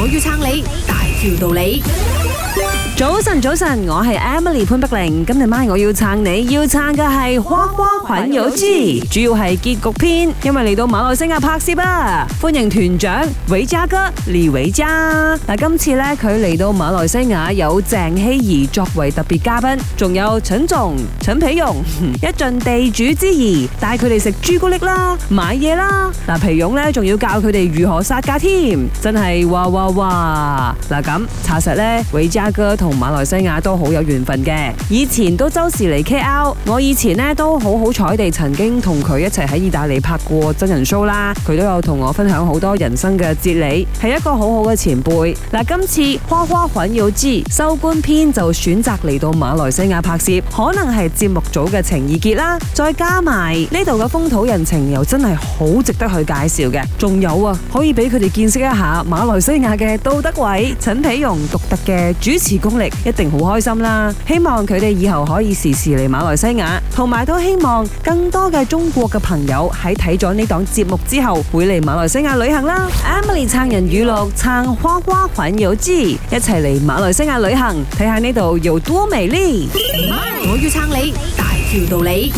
我要撐你，大條道理。早晨，早晨，我係 Emily 潘碧玲。今日晚我要撐你，要撐嘅係《花花環遊記》，主要係結局篇，因為嚟到馬來西亞拍攝啊，歡迎團長韋家哥李韋家嗱，今次呢，佢嚟到馬來西亞有鄭希怡作為特別嘉賓，仲有陳仲、陳皮勇 一盡地主之誼，帶佢哋食朱古力啦，買嘢啦。嗱、啊，皮勇呢，仲要教佢哋如何殺價添，真係哇，哇哇哇。嗱咁查實呢，韋家哥同同馬來西亞都好有緣分嘅，以前都周時嚟 KL，我以前呢都好好彩地曾經同佢一齊喺意大利拍過真人 show 啦，佢都有同我分享好多人生嘅哲理，係一個好好嘅前輩。嗱、啊，今次《花花環遊記》收官篇就選擇嚟到馬來西亞拍攝，可能係節目組嘅情意結啦，再加埋呢度嘅風土人情又真係好值得去介紹嘅，仲有啊，可以俾佢哋見識一下馬來西亞嘅杜德偉、陳皮容獨特嘅主持功。一定好開心啦！希望佢哋以後可以時時嚟馬來西亞，同埋都希望更多嘅中國嘅朋友喺睇咗呢檔節目之後，會嚟馬來西亞旅行啦。Emily 撐、啊、人語錄，撐花花環遊記，一齊嚟馬來西亞旅行，睇下呢度有多美麗，嗯。我要撐你，大條道理。